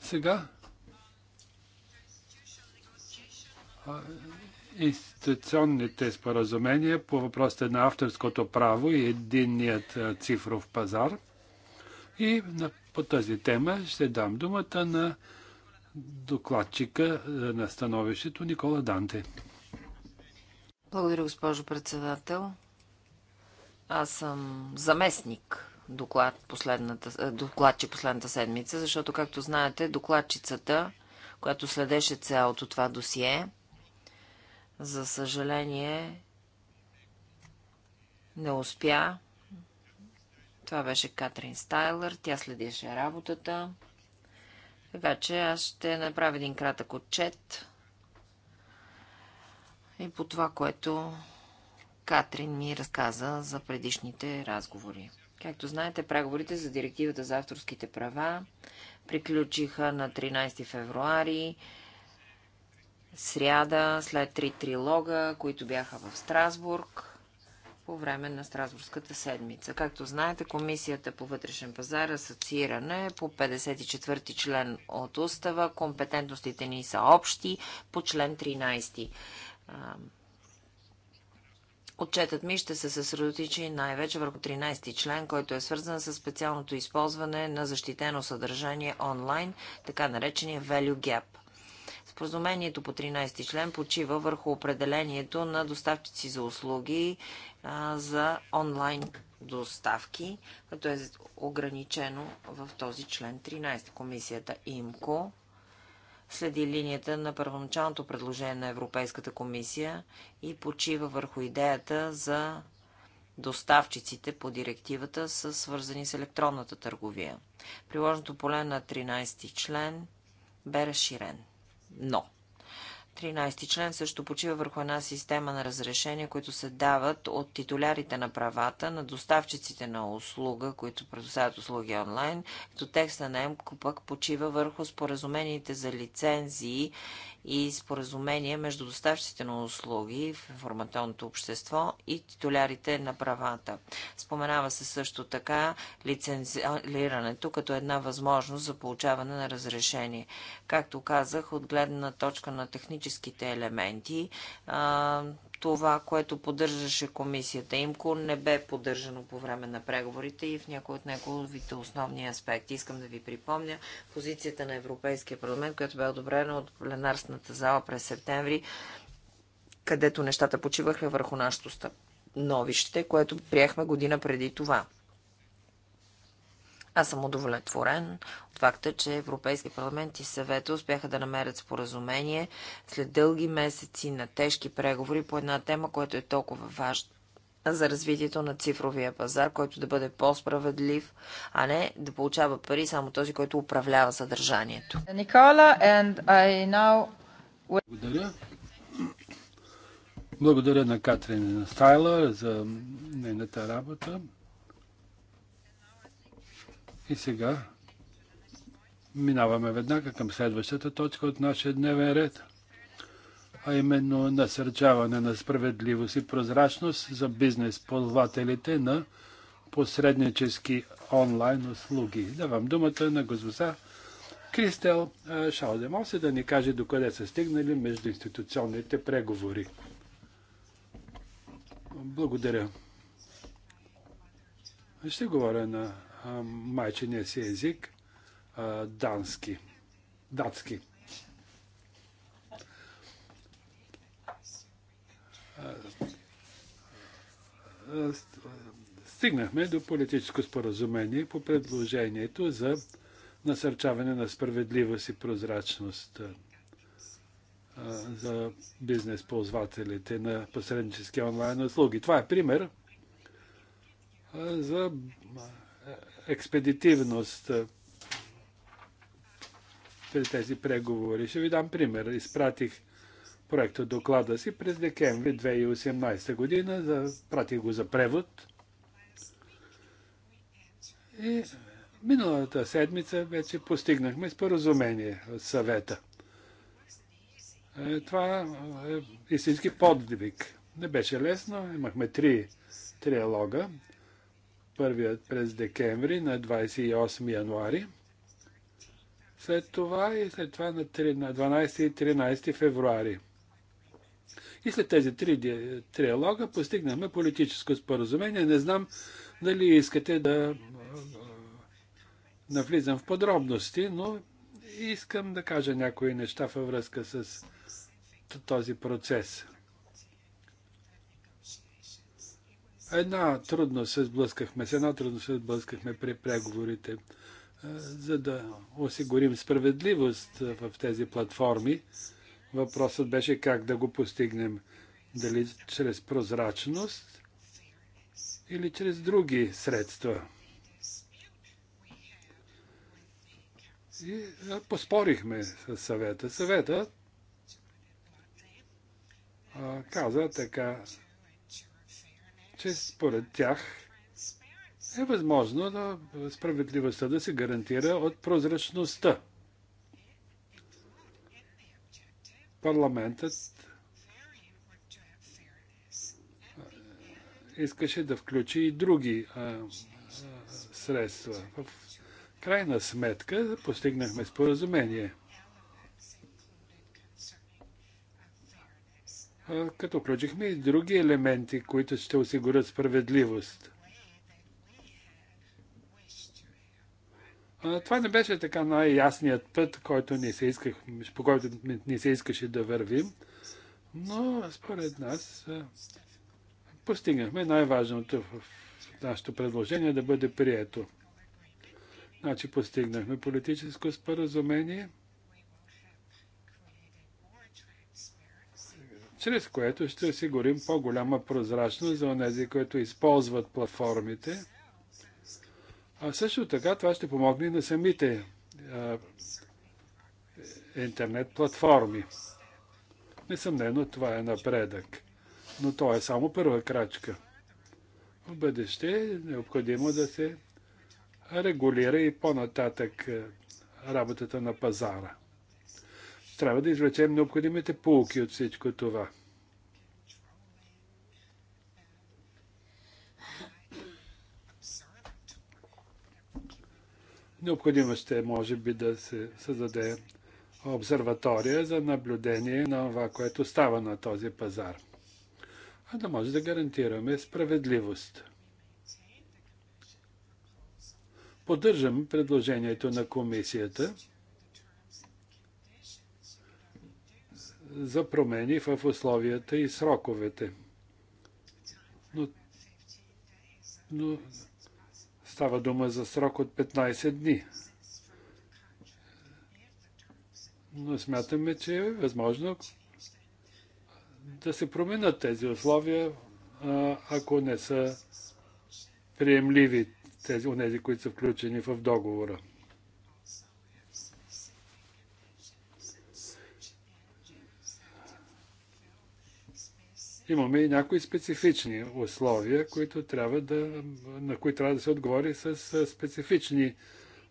Сега институционните споразумения по въпросите на авторското право и единният цифров пазар. И по тази тема ще дам думата на докладчика на становището Никола Данте. Благодаря, госпожо председател. Аз съм заместник доклад последната, докладчик последната седмица, защото, както знаете, докладчицата, която следеше цялото това досие, за съжаление не успя. Това беше Катрин Стайлър. Тя следеше работата. Така че аз ще направя един кратък отчет и по това, което Катрин ми разказа за предишните разговори. Както знаете, преговорите за директивата за авторските права приключиха на 13 февруари, сряда, след три трилога, които бяха в Страсбург по време на Страсбургската седмица. Както знаете, Комисията по вътрешен пазар, асоцииране по 54 ти член от устава, компетентностите ни са общи по член 13. Отчетът ми ще се съсредоточи най-вече върху 13 ти член, който е свързан с специалното използване на защитено съдържание онлайн, така наречения Value Gap. Споразумението по 13 ти член почива върху определението на доставчици за услуги а, за онлайн доставки, като е ограничено в този член 13. Комисията ИМКО следи линията на първоначалното предложение на Европейската комисия и почива върху идеята за доставчиците по директивата са свързани с електронната търговия. Приложното поле на 13 ти член бе разширен. Но 13 член също почива върху една система на разрешения, които се дават от титулярите на правата, на доставчиците на услуга, които предоставят услуги онлайн, като текста на МКО пък почива върху споразумените за лицензии и споразумение между доставчиците на услуги в информационното общество и титулярите на правата. Споменава се също така лицензирането като една възможност за получаване на разрешение. Както казах, от гледна точка на техническите елементи, това, което поддържаше комисията ИМКО, не бе поддържано по време на преговорите и в някои от неговите основни аспекти. Искам да ви припомня позицията на Европейския парламент, която бе одобрена от пленарсната зала през септември, където нещата почиваха върху стъп новище, което приехме година преди това. Аз съм удовлетворен от факта, че Европейски парламент и съвета успяха да намерят споразумение след дълги месеци на тежки преговори по една тема, която е толкова важна за развитието на цифровия пазар, който да бъде по-справедлив, а не да получава пари само този, който управлява съдържанието. Никола, and I now... Благодаря. Благодаря на Катрин Стайла за нейната работа. И сега минаваме веднага към следващата точка от нашия дневен ред, а именно насърчаване на справедливост и прозрачност за бизнес ползвателите на посреднически онлайн услуги. Давам думата на госпожа Кристел Шалдемосе да ни каже докъде са стигнали между институционните преговори. Благодаря. Ще говоря на майчиния си език дански, датски. Стигнахме до политическо споразумение по предложението за насърчаване на справедливост и прозрачност за бизнес ползвателите на посреднически онлайн услуги. Това е пример за експедитивност при тези преговори. Ще ви дам пример. Изпратих проекта доклада си през декември 2018 година. Пратих го за превод. И миналата седмица вече постигнахме споразумение от съвета. Е, това е истински подвиг. Не беше лесно. Имахме три триалога първият през декември на 28 януари. След това и след това на, 3, на 12 и 13 февруари. И след тези три триалога постигнахме политическо споразумение. Не знам дали искате да навлизам в подробности, но искам да кажа някои неща във връзка с този процес. Една трудно се сблъскахме, с една трудно се сблъскахме при преговорите, за да осигурим справедливост в тези платформи. Въпросът беше как да го постигнем. Дали чрез прозрачност или чрез други средства. И поспорихме с съвета. Съвета каза така, че според тях е възможно да справедливостта да се гарантира от прозрачността. Парламентът искаше да включи и други а, а, средства. В крайна сметка постигнахме споразумение – като включихме и други елементи, които ще осигурят справедливост. Това не беше така най-ясният път, който ни се исках, по който ни се искаше да вървим, но според нас постигнахме най-важното в нашето предложение да бъде прието. Значи постигнахме политическо споразумение – чрез което ще осигурим по-голяма прозрачност за онези, които използват платформите. А също така това ще помогне на самите а, интернет платформи. Несъмнено това е напредък, но то е само първа крачка. В бъдеще е необходимо да се регулира и по-нататък работата на пазара. Трябва да извлечем необходимите полки от всичко това. Необходимо ще може би да се създаде обсерватория за наблюдение на това, което става на този пазар, а да може да гарантираме справедливост. Поддържам предложението на комисията – за промени в условията и сроковете. Но, но става дума за срок от 15 дни. Но смятаме, че е възможно да се променят тези условия, ако не са приемливи тези, тези които са включени в договора. имаме и някои специфични условия, които трябва да, на които трябва да се отговори с специфични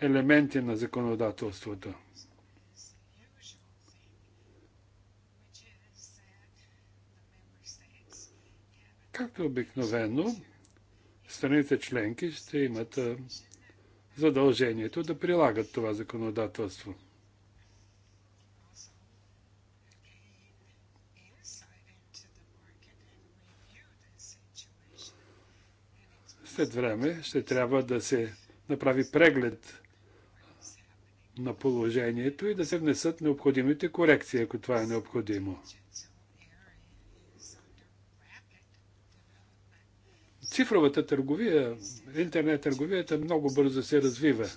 елементи на законодателството. Както обикновено, страните членки ще имат задължението да прилагат това законодателство. след време ще трябва да се направи преглед на положението и да се внесат необходимите корекции, ако това е необходимо. Цифровата търговия, интернет търговията много бързо се развива.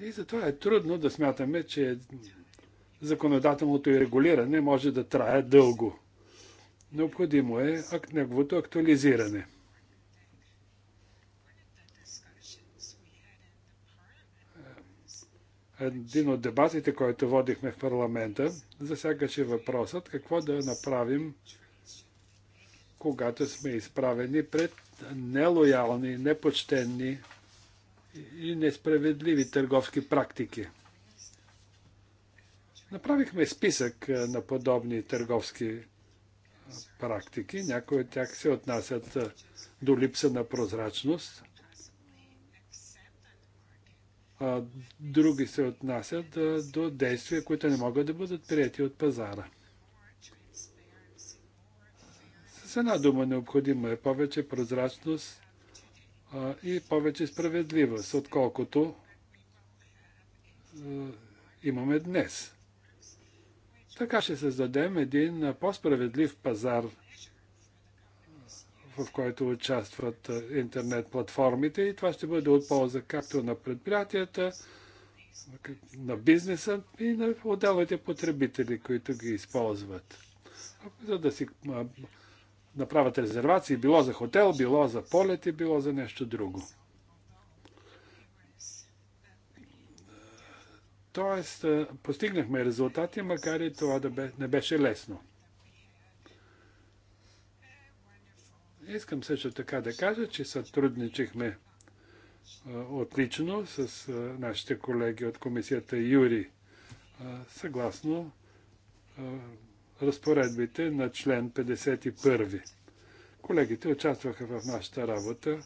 И затова е трудно да смятаме, че законодателното и регулиране може да трае дълго. Необходимо е неговото актуализиране. един от дебатите, който водихме в парламента, засягаше въпросът какво да направим, когато сме изправени пред нелоялни, непочтенни и несправедливи търговски практики. Направихме списък на подобни търговски практики. Някои от тях се отнасят до липса на прозрачност, а други се отнасят до действия, които не могат да бъдат прияти от пазара. С една дума необходима е повече прозрачност а, и повече справедливост, отколкото а, имаме днес. Така ще създадем един по-справедлив пазар, в който участват интернет платформите и това ще бъде от полза както на предприятията, на бизнеса и на отделните потребители, които ги използват. За да си направят резервации, било за хотел, било за полети, било за нещо друго. Тоест, постигнахме резултати, макар и това да бе, не беше лесно. Искам също така да кажа, че сътрудничихме отлично с нашите колеги от комисията Юри, съгласно разпоредбите на член 51. Колегите участваха в нашата работа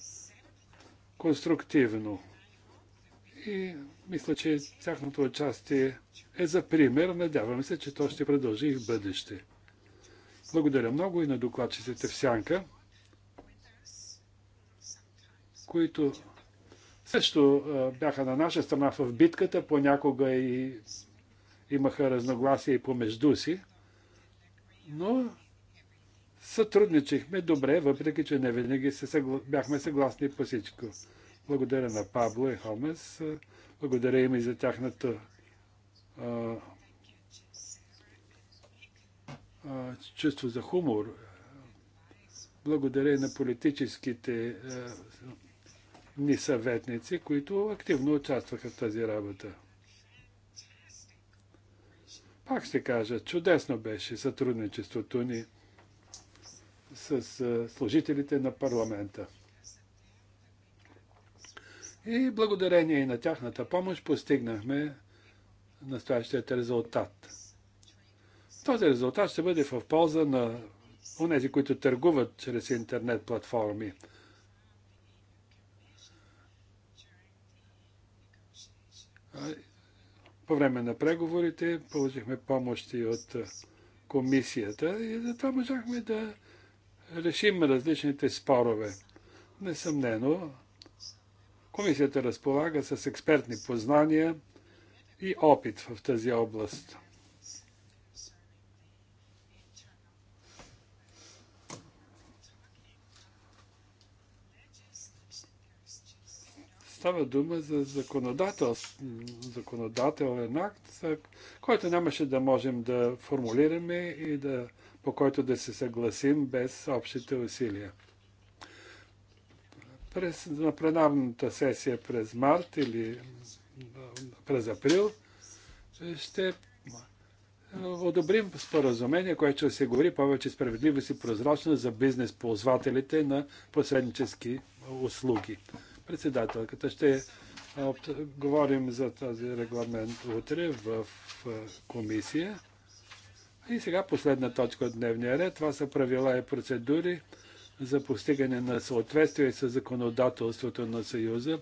конструктивно и мисля, че тяхното участие е за пример. Надявам се, че то ще продължи и в бъдеще. Благодаря много и на докладчиците в Сянка, които също бяха на наша страна в битката, понякога и имаха разногласия и помежду си, но сътрудничихме добре, въпреки че не винаги се съгла... бяхме съгласни по всичко. Благодаря на Пабло и Хомес. Благодаря им и за тяхната а, а, чувство за хумор. Благодаря и на политическите а, ни съветници, които активно участваха в тази работа. Пак ще кажа, чудесно беше сътрудничеството ни с служителите на парламента. И благодарение и на тяхната помощ постигнахме настоящият резултат. Този резултат ще бъде в полза на онези, които търгуват чрез интернет платформи. По време на преговорите получихме помощи от комисията и затова можахме да решим различните спорове. Несъмнено, Комисията разполага с експертни познания и опит в тази област. Става дума за законодател, законодателен акт, който нямаше да можем да формулираме и да, по който да се съгласим без общите усилия през, на пленарната сесия през март или през април ще е, одобрим споразумение, което ще говори повече справедливост и прозрачност за бизнес ползвателите на посреднически услуги. Председателката ще е, говорим за този регламент утре в комисия. И сега последна точка от дневния ред. Това са правила и процедури за постигане на съответствие с законодателството на Съюза,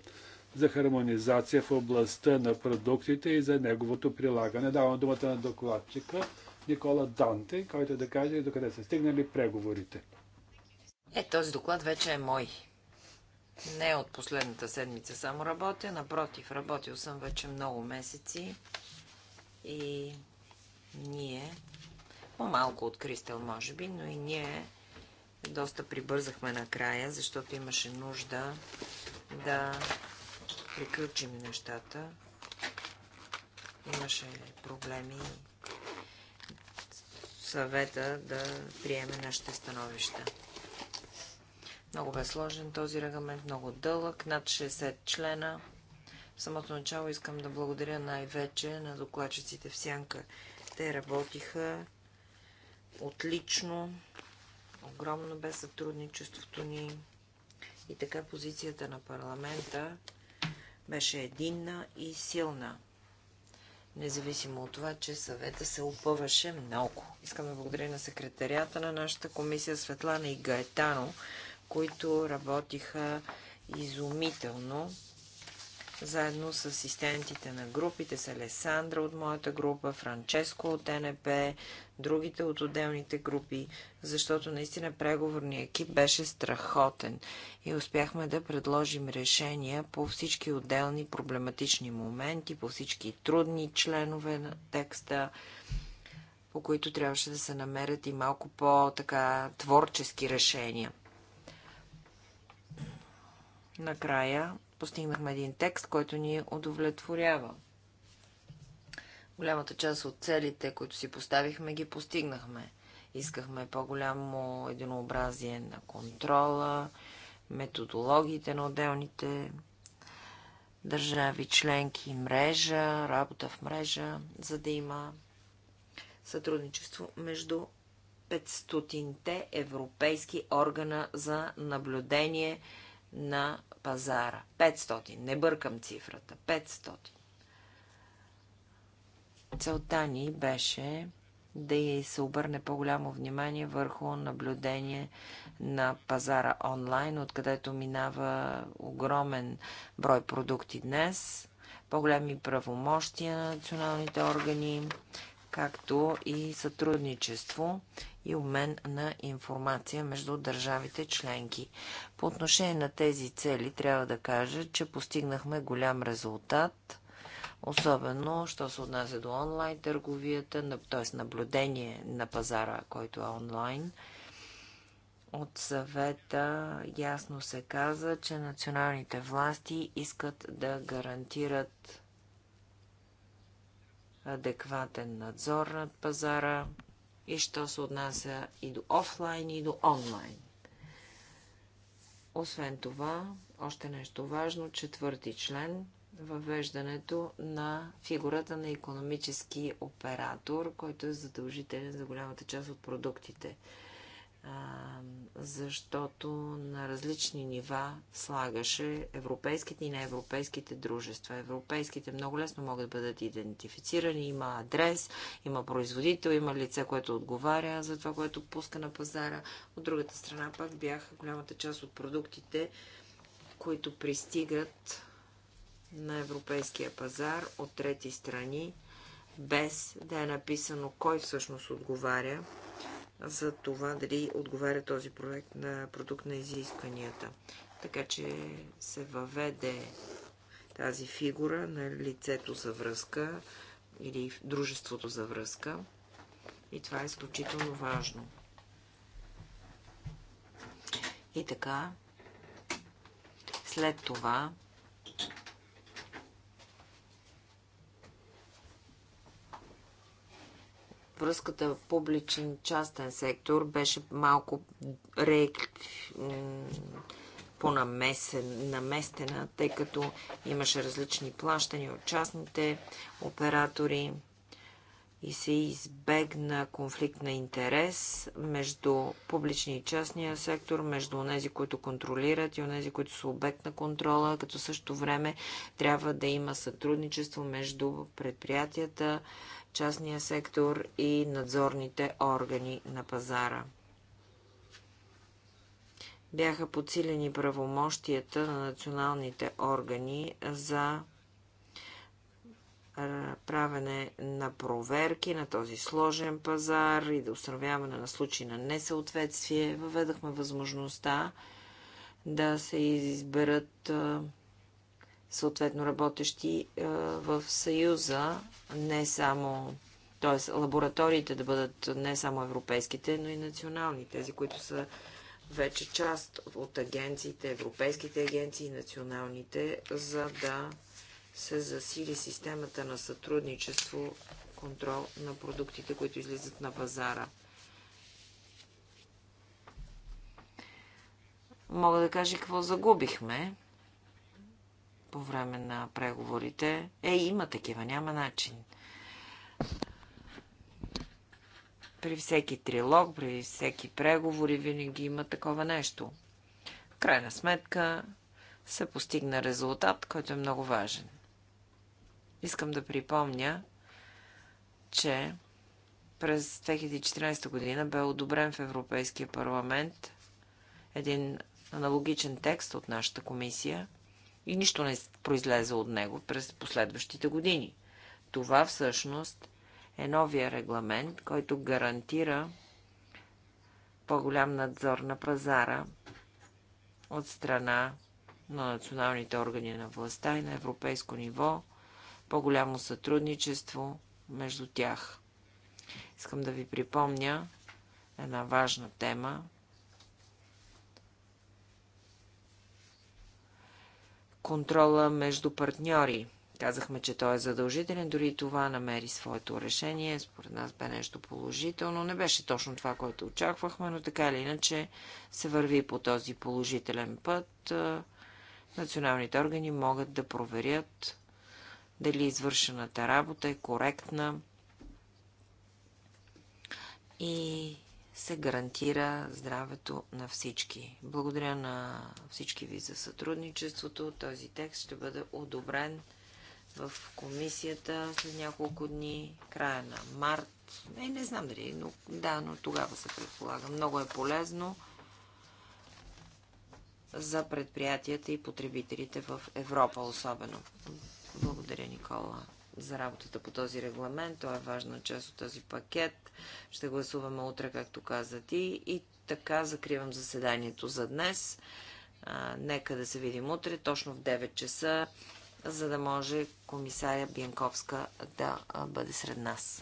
за хармонизация в областта на продуктите и за неговото прилагане. Давам думата на докладчика Никола Данте, който да каже докъде са стигнали преговорите. Е, този доклад вече е мой. Не от последната седмица само работя, напротив, работил съм вече много месеци и ние, по-малко от Кристел, може би, но и ние доста прибързахме накрая, защото имаше нужда да приключим нещата. Имаше проблеми съвета да приеме нашите становища. Много бе сложен този регламент, много дълъг, над 60 члена. В самото начало искам да благодаря най-вече на докладчиците в Сянка. Те работиха отлично, Огромно бе сътрудничеството ни и така позицията на парламента беше единна и силна. Независимо от това, че съвета се опъваше много. Искам да благодаря на секретарията на нашата комисия Светлана и Гаетано, които работиха изумително заедно с асистентите на групите, с Алесандра от моята група, Франческо от НП, другите от отделните групи, защото наистина преговорният екип беше страхотен и успяхме да предложим решения по всички отделни проблематични моменти, по всички трудни членове на текста, по които трябваше да се намерят и малко по-така творчески решения. Накрая постигнахме един текст, който ни удовлетворява. Голямата част от целите, които си поставихме, ги постигнахме. Искахме по-голямо единообразие на контрола, методологиите на отделните държави, членки, мрежа, работа в мрежа, за да има сътрудничество между 500-те европейски органа за наблюдение – на пазара. 500. Не бъркам цифрата. 500. Целта ни беше да й се обърне по-голямо внимание върху наблюдение на пазара онлайн, откъдето минава огромен брой продукти днес, по-големи правомощия на националните органи, както и сътрудничество и обмен на информация между държавите членки. По отношение на тези цели трябва да кажа, че постигнахме голям резултат, особено, що се отнася до онлайн търговията, т.е. наблюдение на пазара, който е онлайн. От съвета ясно се каза, че националните власти искат да гарантират адекватен надзор над пазара и що се отнася и до офлайн, и до онлайн. Освен това, още нещо важно, четвърти член въвеждането на фигурата на економически оператор, който е задължителен за голямата част от продуктите защото на различни нива слагаше европейските и неевропейските дружества. Европейските много лесно могат да бъдат идентифицирани. Има адрес, има производител, има лице, което отговаря за това, което пуска на пазара. От другата страна пак бяха голямата част от продуктите, които пристигат на европейския пазар от трети страни, без да е написано кой всъщност отговаря за това дали отговаря този проект на продукт на изискванията. Така че се въведе тази фигура на лицето за връзка или дружеството за връзка. И това е изключително важно. И така, след това връзката публичен-частен сектор беше малко рек по-наместена, тъй като имаше различни плащания от частните оператори и се избегна конфликт на интерес между публични и частния сектор, между онези, които контролират и онези, които са обект на контрола, като също време трябва да има сътрудничество между предприятията частния сектор и надзорните органи на пазара. Бяха подсилени правомощията на националните органи за правене на проверки на този сложен пазар и да установяване на случаи на несъответствие. Въведахме възможността да се изберат съответно работещи е, в Съюза, не само, т.е. лабораториите да бъдат не само европейските, но и национални, тези, които са вече част от агенциите, европейските агенции, националните, за да се засили системата на сътрудничество, контрол на продуктите, които излизат на пазара. Мога да кажа какво загубихме по време на преговорите. Е, има такива, няма начин. При всеки трилог, при всеки преговори винаги има такова нещо. В крайна сметка се постигна резултат, който е много важен. Искам да припомня, че през 2014 година бе одобрен в Европейския парламент един аналогичен текст от нашата комисия и нищо не произлезе от него през последващите години. Това всъщност е новия регламент, който гарантира по-голям надзор на пазара от страна на националните органи на властта и на европейско ниво, по-голямо сътрудничество между тях. Искам да ви припомня една важна тема, контрола между партньори. Казахме, че той е задължителен, дори това намери своето решение. Според нас бе нещо положително. Не беше точно това, което очаквахме, но така или иначе се върви по този положителен път. Е, националните органи могат да проверят дали извършената работа е коректна и се гарантира здравето на всички. Благодаря на всички ви за сътрудничеството. Този текст ще бъде одобрен в комисията след няколко дни, края на март. Не, не знам дали, но да, но тогава се предполага. Много е полезно за предприятията и потребителите в Европа особено. Благодаря, Никола за работата по този регламент. Той е важна част от този пакет. Ще гласуваме утре, както каза ти. И така закривам заседанието за днес. А, нека да се видим утре, точно в 9 часа, за да може комисаря Бянковска да бъде сред нас.